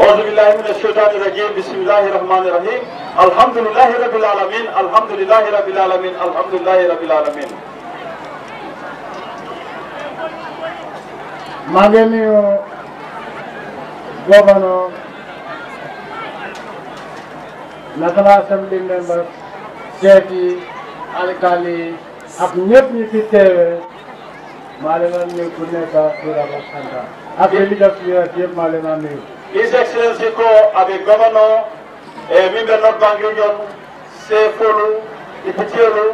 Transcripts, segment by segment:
أعوذ بالله من الشيطان الرجيم بسم الله الرحمن الرحيم الحمد لله رب العالمين الحمد لله رب العالمين الحمد لله رب العالمين মাননীয় governor local assembly members seeti alkali ak ñëpp ñi fi teewe maa leen nuyu ku nekk اك ak li def yëpp maa leen nuyu His Excellency ko avec governor e eh, mimɓe noon bangue union sefolu ipitielu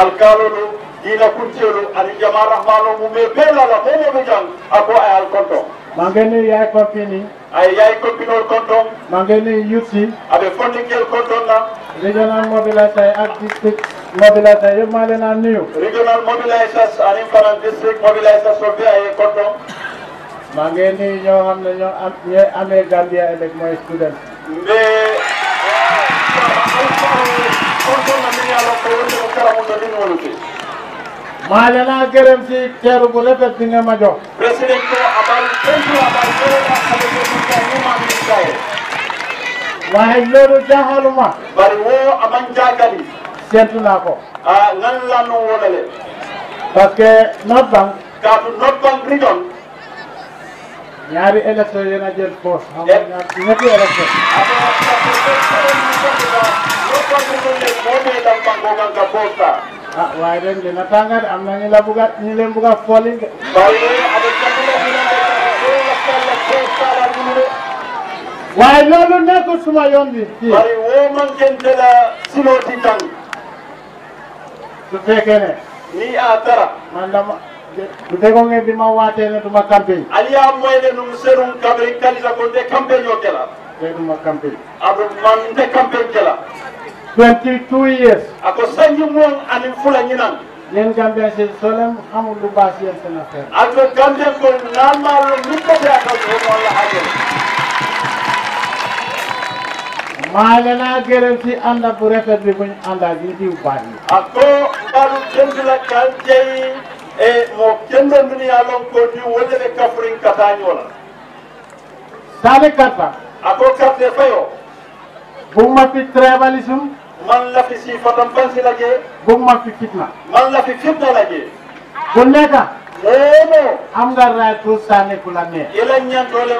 alkalolu dina kuntelu ani jama rahmano mum e bellala momoɓe jang ako ay alkonto mangeni yay compini ay yay compinol konton mangeni yutti aɓe fondinguel konton na regional mobilité ak district mobilité yobmalena nuyu regional mobilité anin fanan district mobilité so mbiya e konton maa ngi nuyu ñoo xam ne ñoo am ñooy amee Gambia ëllëg mooy student. mais. maa ngi leen gërëm ci teeru bu rafet bi nga ma jox. président ko abal président abal président abal président waaye loolu jaaxaluma. bari woo aman jaagali. séntu naa ko. ah nan laa noo wóolale. parce que North Bank. kaatu North Bank region. ñaari électeurs yéen jël xam nga ah dina am na ñu la ñu leen suma yoon bi. man de la silo ti su man dama. ndu bi nge mbima watene tuma campagne aliya moyne num serum kabri kalisa ko nde campagne o kela te ɗuma campagne aɗo man nde campagne kela 22 years ako sañi mon anin fula ñinan yen gambe si solem hamudu basi yen sen affaire aɗo gambe ko namalo mimmote akas hono allah hajol maalena gërëm si ànda bu rafet bi buñ ànda bi diw baax yi ako mbaru dendila kal jeyi e mo kendo ndini ya lon ko ni wole le kafrin kata nyola sale kata ako karte fayo bumma fi tribalism man la fi sifatam fansi laje bumma fi fitna man la fi fitna laje kulleka Eno am nga right to sane kula me yela nyan dole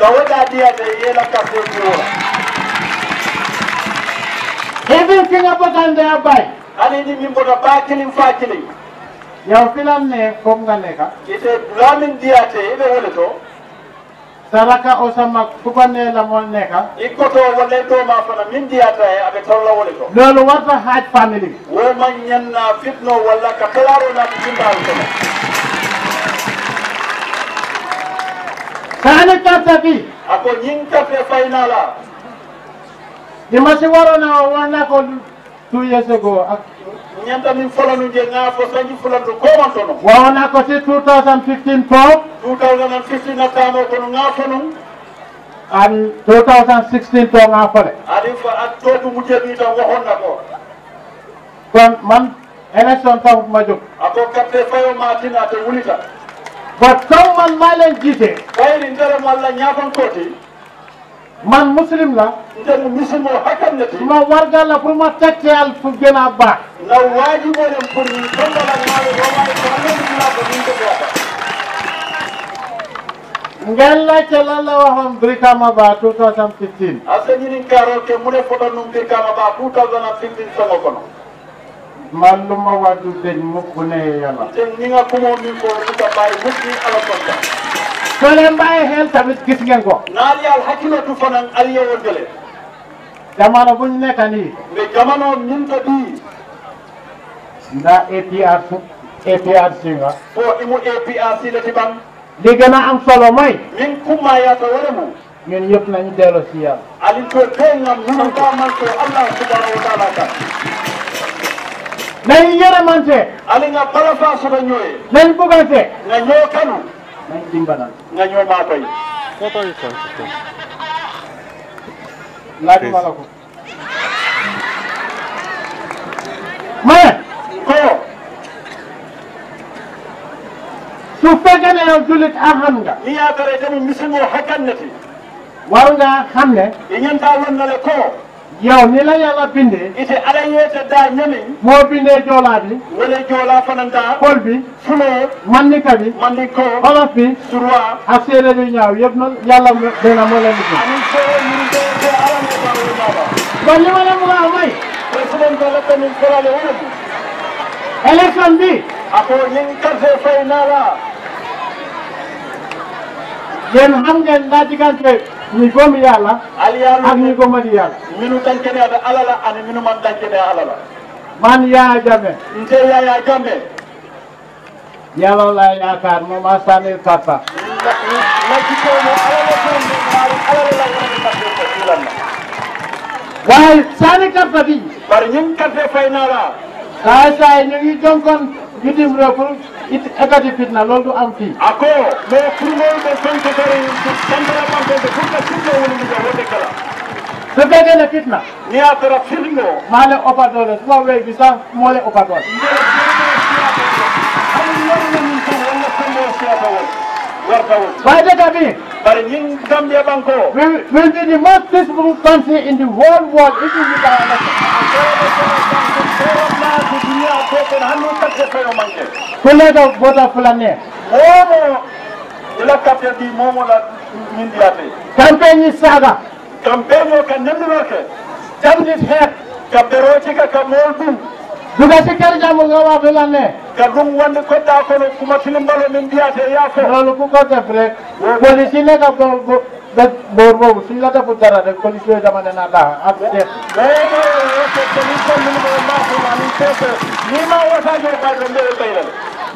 dawoda dia de yela kafrin nyola Everything about and thereby. And in the mimbo da ba kilim fa kilim. yaw filan ne fom nga neka ite bulamin diyate ibe wole to saraka osama kubane la mon neka ikoto wole to ma fana min diyata e abe tawla wole to lolu warta haaj family wo ma nyanna fitno wala ka kalaro na timba to sane karta bi ako nyinka fe ni dimasi warona wala ko two years ago ñentami folanude ŋaafo sañi fulanto komantono wawona ko ti 2015 ko a attamo kono ŋaafo num an 2016 to ŋaafole aɗi fo an totu mujjeɗi tan wohonna ko kon man élection taw ma jog ako katte fayo a to wulita ba tawman malen jiite ɓayri ndere malla ñaafankoti man muslim la. te muslim moo hakam la tey. ma warga la pour ma teg ci al fu gën a baax. ndax waa ji moo dem pour ñu toll la ñaari robaay ko ngeen laajte lan la waxoon Brikama Ba 2015. asajini Karoke mu ne foto nu Brikama Ba 2015 sama kono. man lu ma wàddu dëñ mukk bu ne yàlla. te ni nga kumoo mi ko lu ka bàyyi mukk ni ala kontaan. soo leen bàyyi xel tamit gis ngeen ko. naal yàlla hakkilatu fanan aliyewondele. jamono bu ñu nekk nii. mais jamono min bii. nda APR su APR si nga. foo imu APR si la ci ban. li gën am solo mooy. min kummaa yaata wala mu. ñun yëpp nañu delloo si yàlla. Aliou Sow tey nga mën nga man ko Allah subhanahu kan. nañu yërëmante. Aliou nga bala faa su la ñëwee. nañu bëggante. nga ñëw kanu. Weź Timbalal. na ñooy maa koy. photo yi koy. laajuma la ko. mais. koo. su fekkee ne yow jullit xam nga. ni yaa bare tamit misimoo xakkan na ci. war nga xam ne. i ñanta won na le yow ni la yàlla bindee. ite ala yeete daa ñami. moo bindee joolaa bi. wala joolaa fanantaa. pël bi. fulee. mandinka bi. mandinko. wolof bi. surwa. ak séeréer yu ñaaw yëpp ñaaw. kon li ma leen bëgg a may. bi. ako ñu ngi kase fay naa la. yéen xam ngeen daa diggante. ñi gom yalla ak ñi gomani yalla minu tankene aɓe alala ani minu man tankene alala man yaya jame nte yaya jame yalola yakar moma sani tata lakkitomo alala sonde mari alala lawanailanna way sani karta di bari ñing karte faynala sa sa ñu ngi jonkon gidim repousse it ekati fitna loolu du am fii ako mais pour loolu ɓe fenko kadi santara ɓamɓeɓe pour ka sirno woni ndiga wonde kala so ɓeydene fitna ni a tara firngo male opatole suwa wey bi sa mole opatole hayyonomin tan walla sembo siyata won wartawol ɓayde kadi bare ñin gambia ɓanko will be the most peaceful country in the whole world if you look at kuleta vota fulani momo ilakkate ɗi momola min mbiyate campagne saga campagne o ka nandinorke jamdit heek ka ɓerotika ka kamolbu. ɗum duga sikkere jamu gawa fulanne ka ɗum wonde koɗɗa kono kuma filimbalo min mbiyate yaafo lolu ko ko def rek polisi ne ka nag boor boobu suñ la deful dara rek police dama ne naa daa am def léegi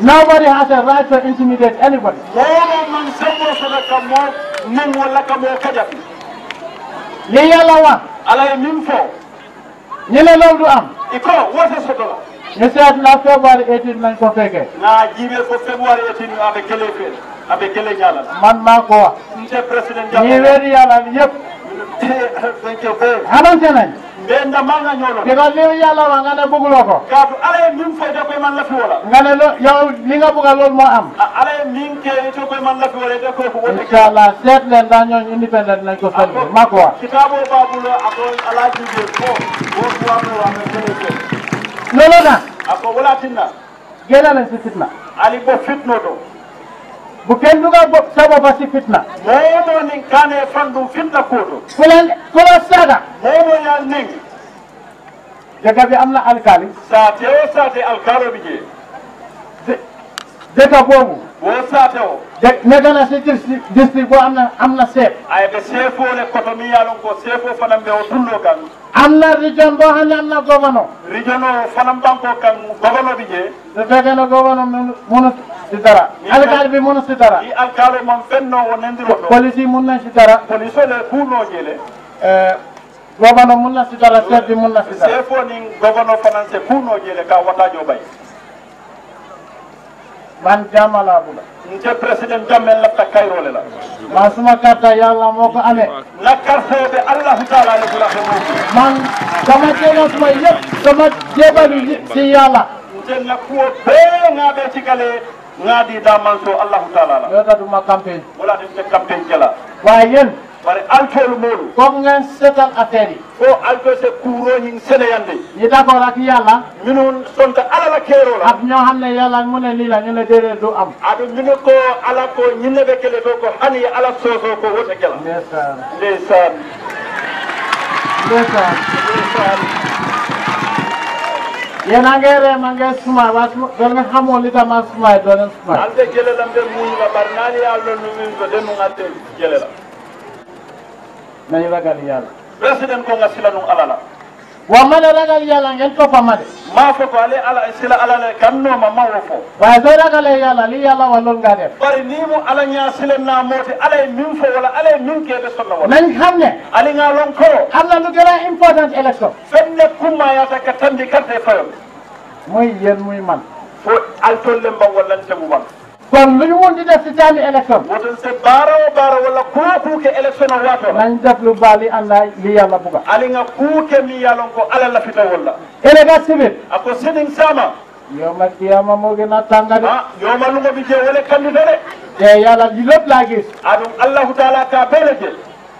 Nobody has a right to intimidate anybody. li yàlla wax. alay min fo. ñu ne loolu du am. i ko wote soto la. ñu seet la février 18 lañ ko fekkee. naa jiibee ko février 18 ñu amee gëlee man ma ko wa monsieur président ni weeri yalal yëpp halantenen ɓe ndamaga ñolo ɓiɗo liw yalawa ngane bugulo ko kaatu ala e min foyde koye man lafi wola ngane lo yow li nga buga lol mo am ah, ala e min keeto koye man lafi wola de koye ko wote inchallah seet len da ñooñ na bu kenn duga bopp sa bopp si fitna neyno nin saga neyno ya ning dëkk am na alkali saate o saate alkalo bi je dëkk boobu saate o nekk boo am na am ay ɓe chef o le koto mi yalon ko chef o fanan ɓe o kan am na région boo xam ne am na gouverneur o fanan banko kan gouverneur bi je so fekkee ne gouverneur si dara. alkaali bi mënu si dara. i alkaali mon fenno wonendiroɗo polisi mun na si dara police ole kuunojeele euh, gogono mun na si dara chef mun na si dara chef woni gogono fananse kuunojeele ka wotajo ɓay man jama laa bëgg. monsieur président Jammeh lafta kayrole la. maa suma karta yàlla moo ko amee. la carte be allahu taala li la man sama jéego suma yëpp sama jébalu si yàlla. monsieur Nakuo bee ngaadi daman so allahu taala la yotatuma campagne wala ɗum te campagne jala wawi yen bare alkolu moɗum comme ngen setal affaire yi o alkol se kuuroñin sénéyande yi d'accord ak yàlla minun sonta alala keerola ak ñoo xam ne yàlla mu ne lii la ñu ne déedéet du am aɗo minu ko ala ko ñinne ɓe kele ɗo ko hani ala soso ko wote gela ndesan ndesan ndesan ndesan yéen a ngi ree ma ngeen sumay waaye su doon ngeen xamoo li dama sumay doon ngeen sumay. an te jële la mbe muñ la bari naa ni yàlla lu min ko demu nga te jële la. nañu ragal yàlla. président ko nga sila nu alala. wa mana ragal yàlla ngeen ko famade maa foto ale ala sila ala le kan nooma ma wo fo waaye soo ragale yàlla li yàlla wallul nga def bari nii mu ala ñaa silen naa mooti ala ye min fo wala ala ye min keede sonna wala nañ xam ne ali ngaa na lu gën a important élection fen ne kumma ka tandi kante fayon muy yéen muy man fo al tolle mba wallante mu man kon lu ñu mun di def si taami élection woto se baara o baara walla kuuke élection o waato nañ def lu baali allah li yàlla buga ali nga kuuke mi yàlla ko ala la fito walla élega sibit ako sinin sama yoma kiyama moo gën a tànga de ah yoma lu ko bi jee wala candidat de te yàlla li lépp laa gis allahu taala ka beele jël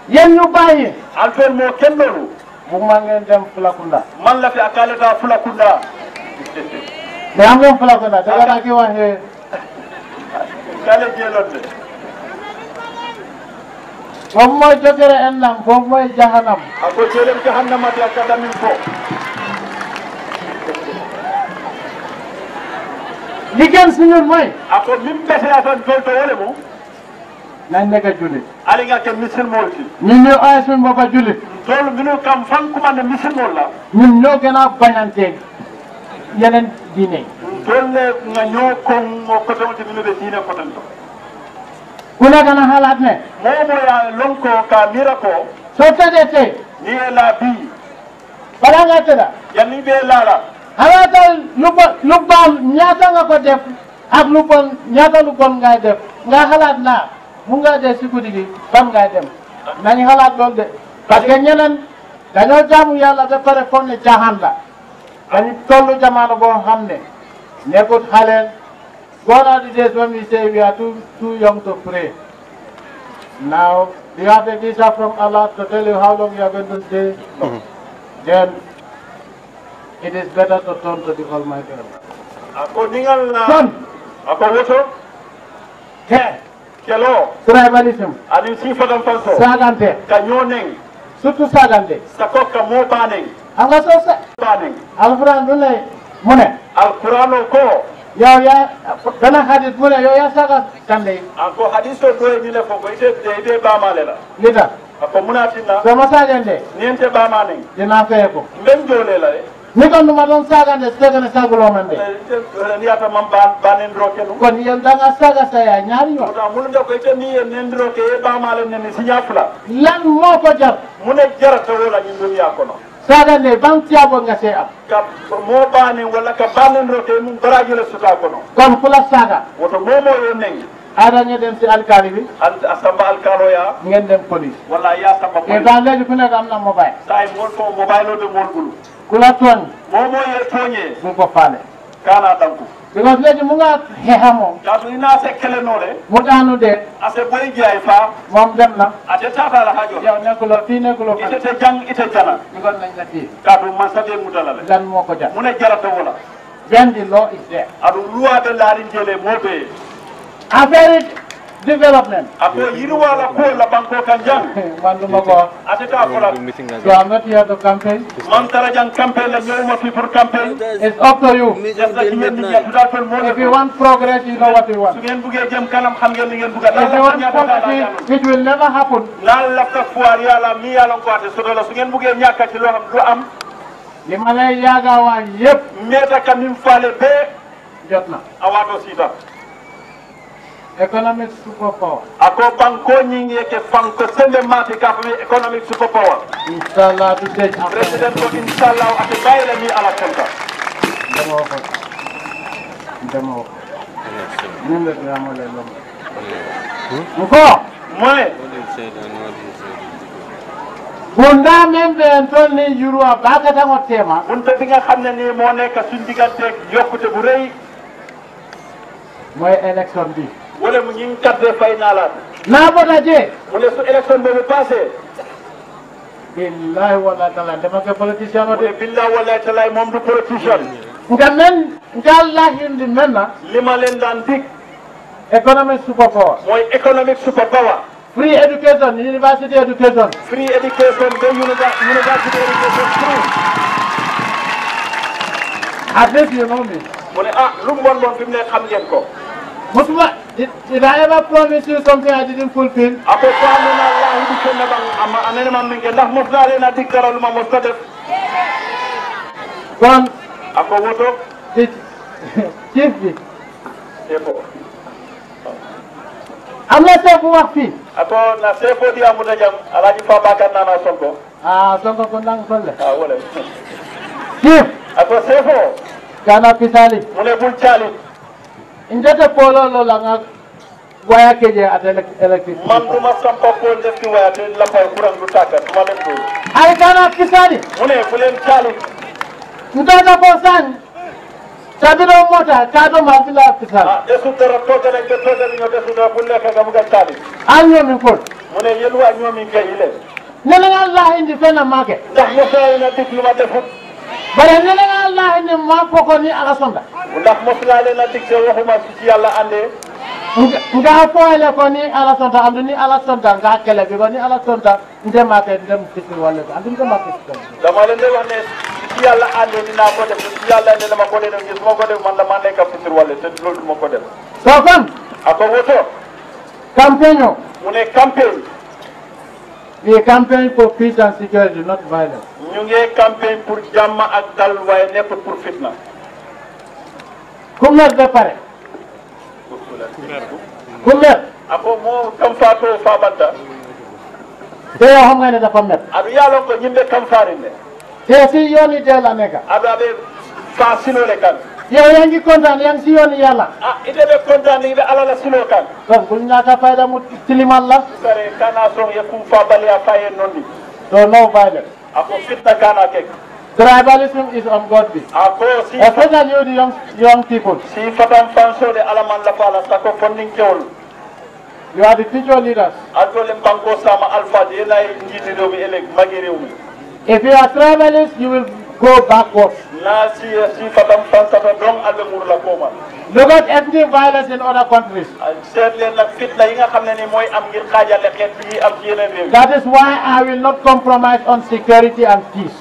yéen ñu bàyyi alfen moo kenn loolu bu ma ngeen dem Fulakunda man la fi akaleta Fulakunda te am ngeen Fulakunda te gara ki kala jeelonde on moye jogere en nan fof moye jahanam ako jeelem a de akkadamin fo liggen siñun moy ako min ɓeteya tan jolto wole mum nandega julit aliga ke misilmol ki min no ayatun baba julit tol minu kam fankumande misilmol la min no gana bañante yenen diine golle ŋañoo kon o kotoŋote mino ɓe diine koton to kula kana haalat ne momo ya lonko ka mira ko so taɗete ni e laabi ɓaɗanga teɗa yanni ɓe laala hawata lubba lubbal ñatanga ko def ak lubbon ñata lubbon ngay def nga haalat la mu nga de sikudigi ban ngay dem nañu haalat lool de yàlla ba pare foog ne jaaxaan la dañu toll jamono boo xam ne Nekot Halen, gone are the days when we say we are too, too young to pray. Now, you have a visa from Allah to tell you how long you are going to stay? No. Mm -hmm. Then, it is better to turn to the Almighty Allah. Uh, turn! Tear! hello, Tribalism! And you see for them first Sagante! Kanyoning! Sutu Sagante! Sakoka Kamobaning! Ang kasosa! Baning! Alfran Nulay! mu ne. alqurano ko. yow yaa benn hadis mu ne yow yaa saga kande. a ah, ko hadis to ɗo e ñile fof ite ite bamale la. li a ah, ko munatinna. soma sagende. niente bamane. dina feye ko. mben joole la de. ni kon duma doon sagande so tawii ne saguloo eh, eh, man de. ndiyata man ba ba nendiro ke ɗum. kon yéen da nga saga saya ñaari yoon. pourtant mulu nde ko ite ni yen ke ye bamale nene siña fula. lan moo ko jar. mu ne jarata wola ñin duniya kono. saɗane bantiyaɓo gase am ka mo banen walla ka a mum baraji le suka kono kono pula saga woto momo a nengi aɗañe ɗen si alkali wi a samba alkaloya gen ne police walla ya samba e dans leydi funede am nan mobile sa e fo mobile o ɓe mol ɓulu kula toon momo ye tooñe ɗum ko faale kana ɗankou because leydi mu nga heha moom yaatu ina se kelenoole mu daanu a ase boy jiyay e faa moom dem na ate taatala hajo yow nekkuloo fii nekkuloo fa itete jang ite jana because nañ la fii kaatu man sadee mudalale lan moo ko jan mu ne jarata wala then the law is there aɗum luwaɓe laarin jele moɓe affaire development. After Yiriwala Kola Banko Kanjan. Mandumago. Ateta Kola. So I'm not here to campaign. Mantarajan campaign, the Yoruba people campaign. It's up to you. If you want progress, you know what you want. If you want poverty, it will never happen. li ma lay yaagawaan yëpp. ñeeta ka min faale bee. jot na awaato siita. economic superpower ako banko nyingi yake banko sende mati kafu economic superpower inshallah to take president ko inshallah ate bayla mi ala kanta ndemo ko ndemo ko ninde drama le lom muko moy Bunda men be entol ni yuru a baga tango tema. Bunta bi nga xam ne nii moo nekk suñu diggante yokkute bu rëy. mooy élection bi. wala mu ñi kadde naa naala na bota je mu ne su élection boobu passé billahi wala taala dama ko politicien o de billahi moom du politicien nga men nga allah hindi men na lima leen daan dig economic super power mooy economic super power free education university education free education de university education free at least you know me mu ne ah lu mu bon bon fi mu ne xam ko Mutuma, did, did I ever promise you something I didn't fulfill? Ape kwani na Allah hindi bang ama anene mamingi lah mustari na dikara luma mustadef. One. Ako wodo. Did chief did. Yepo. Amna sefu wakfi. Apo na sefu di amuda jam alaji fabakan na na songo. Ah songo kundang solle. Ah wole. Chief. Apo sefu. Kana pisali. Mule bulchali. njete polo lo langa waya keje at electric man duma sampa pol def ci waya te la fay kuran du taka duma ay kana kisani mune fulen kalu ntata ko san tabiro mota kado mafila kisani esu tara to tane ke to tane nyote su da bulle ka gamu kan tali anyo min pol mune yelu anyo min ke ile nana allah indi fena make ndax mo fut bare ne na nga allah ne ma foko ni ala sonda ndax mos laa leen a dig te waxuma si ci yàlla andee nga foyle ko ni ala sonda andu ni ala sonda nga kele bi ko ni ala sonda ndemate ndem sikir walla bi andu ndemate sikir dama leen di wax ne si yàlla andee dinaa ko def si yàlla ne dama ko def gis ma ko def man dama nekk sikir walla te loolu duma ko def so kon ako woto campagne mu ne campagne We campaign for peace and security, not violence. ñu ngi campagne pour jàmm ak dal waaye nepp pour fitna. ku ba pare. ku a ako mo kam faato faabanta. te yow xam nga ne dafa mer. abe yàlla ko ñimbe kam faarinde. te si yooni dee la nekk. abe abe faa sinoo le kan. ah ala la mu sare kum fa no violence. fitna Tribalism is ungodly. si Especially you the young, young people. Si la pala sako funding You are the leaders. le If you are tribalist, you will go backwards. Look at ethnic violence in other countries. That is why I will not compromise on security and peace.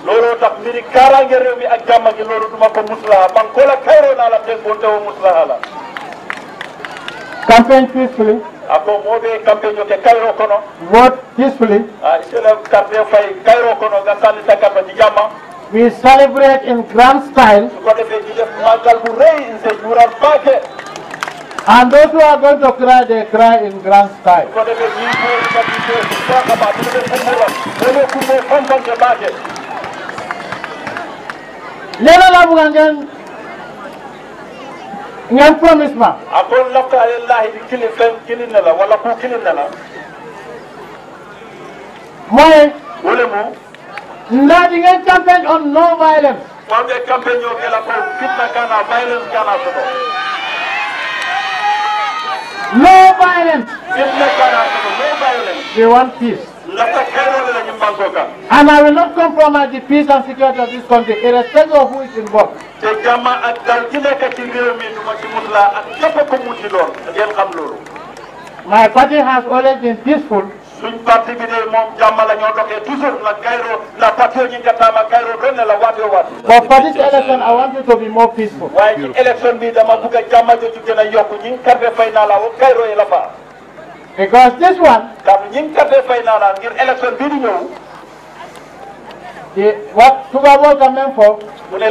Campaign peacefully. Ah, peacefully. Ah, we celebrate in grand style. And those who are going to cry, they cry in grand style. Lena labugan ngeen ngeen promise ma. Akon lafta alillahi di kili fen kili nala wala kini kili nala. Mooy. Wala mu. Not even campaign on no violence. One violence No violence. Fitna kana suko no violence. They want peace. And I will not compromise the peace and security of this country, irrespective of who is involved. My party has always been peaceful suñ parti bi de moom jàmma la ñoo doxee toujours la Cairo la parti la waat yoo waat. but for this election I want you to be more peaceful. waaye ci election bi dama bëgg a jàmma jooju gën a yokku ñi nga kàddee fay naa la la faa. because this one. ndax ñi nga kàddee bii di ñëw. di wa tubaaboo ka même foofu. mu ne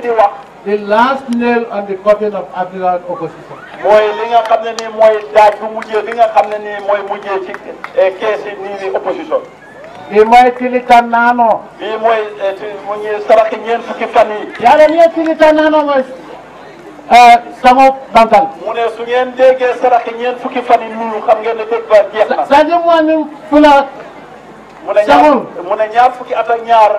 di wax. the last nail on the coffin of African opposition. mooy li nga xam ne nii mooy daaj bu mujjee bi nga xam ne nii mooy mujjee ci kees yi nii nii opposition. bii mooy tilitan naano. bii mooy mu ngi saraki ñeent fukki fan yi. yàlla ñeent tilitan naano mooy. Sango Bantal. mu ne su ngeen déggee saraki ñeent fukki fan yi ñun xam ngeen ne dëgg ba jeex na. c'est-à-dire mu ne ñaar mu ne ñaar fukki at ak ñaar.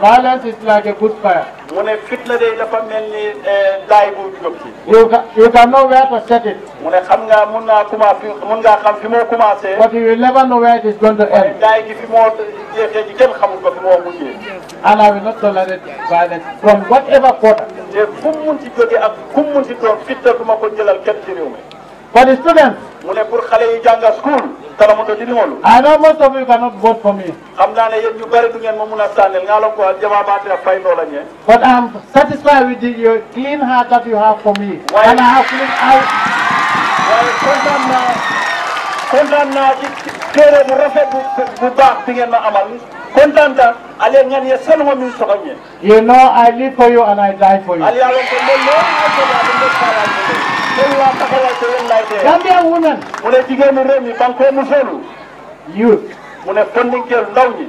Violence is like a good fire. mu ne fitna de dafa mel ni daay eh, bu jóg ci. you can you can know where to set it. mu ne xam nga mun naa commencé mun ngaa xam fi moo commencé. but you will never know where it is going to end. daay gi fi moo jeexee ji kenn xamul ko fi moo mujjee. and I will not tolerate violence from whatever quarter. te fu mu mun ci jógee ak fu mu mun ci doon fitna du ma ko jëlal kenn ci réew mi. for the students. mu ne pour xale yi jànga school. kalamoto dini wolu i know most of you cannot vote for me xam naa ne yéen ñu bëri du ngeen ma mun a a ngaa la ko jabaabaatira a noo la ñee but I am satisfied with the clean heart that you have for me and I have clean out waaye kontaan naa kontaan naa ci téere bu rafet bu baax bi ngeen ma amal kontaan ta ale ngeen ye selmo min soxoñe you know I live for you and I die for you loolu laa taxawal te loolu laay dee. Gambian women. mu ne jigéenu réew mi ban koo musoolu. youth. mu ne funding jël ndaw ñi.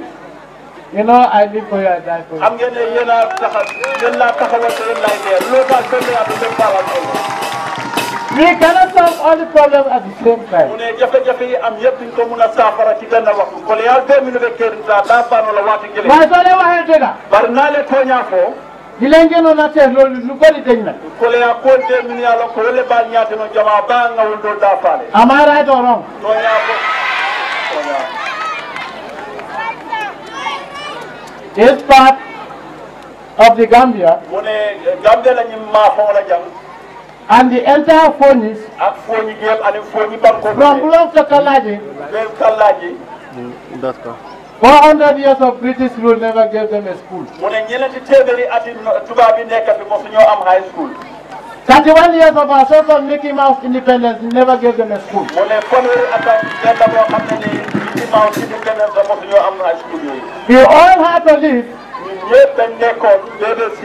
you know I live for you I die for you. xam ngeen ne yéen a taxaw yéen laa taxawal te loolu laay dee loolu daal benn yaa du dem baal ak we cannot solve all the problems at the same time. mu ne jafe-jafe yi am yëpp ñu ko mun a saafara ci benn waxtu. kon yaa deux minutes kër yi daa baanu la waati jëlee. waaye soo leen waxee dëgg. bari naa leen tooñaa foo. dilengeno nate lolu lugoli denna kole ya ko de min ya lo ba nyaate no jama ba nga wondo da fale amara do ron to ya ko is part of the Gambia wone Gambia la nyim ma fo la jam and the entire phones ak phone gem ani phone banko from block to kalaji del kalaji that's 400 years of British rule never gave them a school. mu ne ñeenti téeméeri ati tubaab yi nekk fi mosu ñoo high school. so-called Mickey Mouse independence never gave them a school. mu ne fanweeri at ak benn boo xam ne high school yooyu. we all had to live. If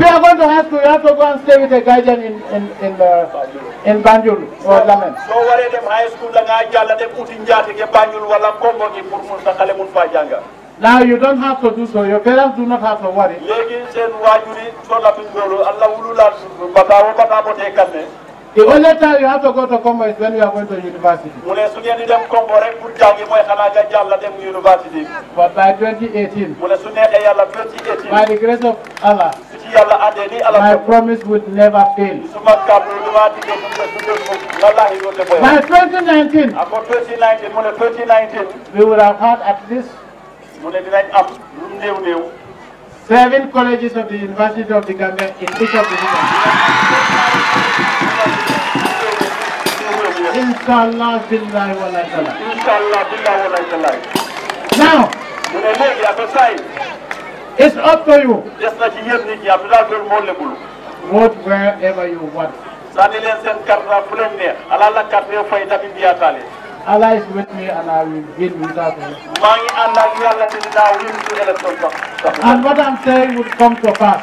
you are going to high school, you have to go and stay with a guardian in in in uh, in Banjul or Lamen. So wale them high school la nga jalla dem uti njati ke Banjul wala Kombo ki pour mun sa xale mun fa janga. Now you don't have to do so. Your parents do not have to worry. Legi sen wajuri so la bin dolo Allah wulula bata wo bata bo te kanne. The only time you have to go to Congo is when you are going to university. But by 2018, by the grace of Allah, my promise would never fail. By 2019, 2019, we will have had at least seven colleges of the University of the Gambia in each of the universities. Inshallah, billahi wa la Inshallah, Now, it's up to you. Vote wherever you want. Allah is with me and I will win without him. And what I'm saying will come to pass.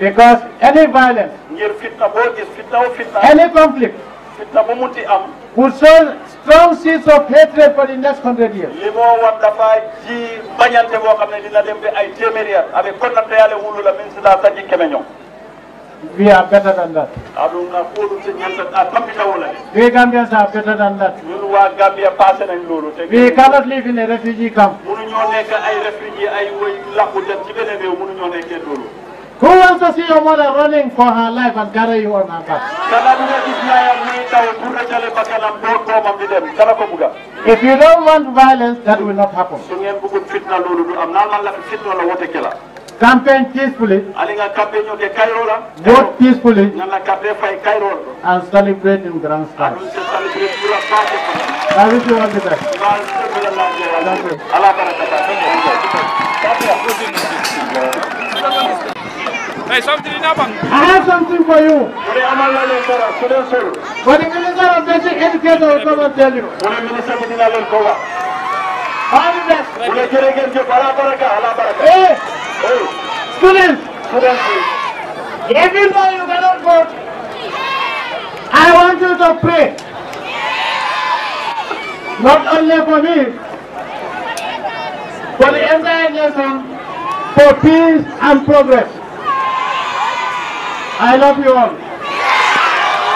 because any violence. ngir fitna boo gis fitna wu fitna. any conflict. fitna bu munti am. would sow strong seeds of hatred for the next hundred years. li moo war dafa ji bañante boo xam ne dina dem ay téeméeri at. avec kon nag yàlla wulu la min si laa saji keme ñoom. We are better than that. We Gambians are better than that. We cannot live in a refugee camp. Who wants to see your mother running for her life and carry you on her back? If you don't want violence, that will not happen. Campaign peacefully. Vote peacefully. And celebrate in grand style. I wish you all the best. Hey, something happened. I have something for you. When the Minister of Basic Education will come and tell you. When the Minister of Basic Education will All the best. Hey, students. Students. Even though you cannot vote, I want you to pray. Not only for me, for the entire nation, for peace and progress. I love you all.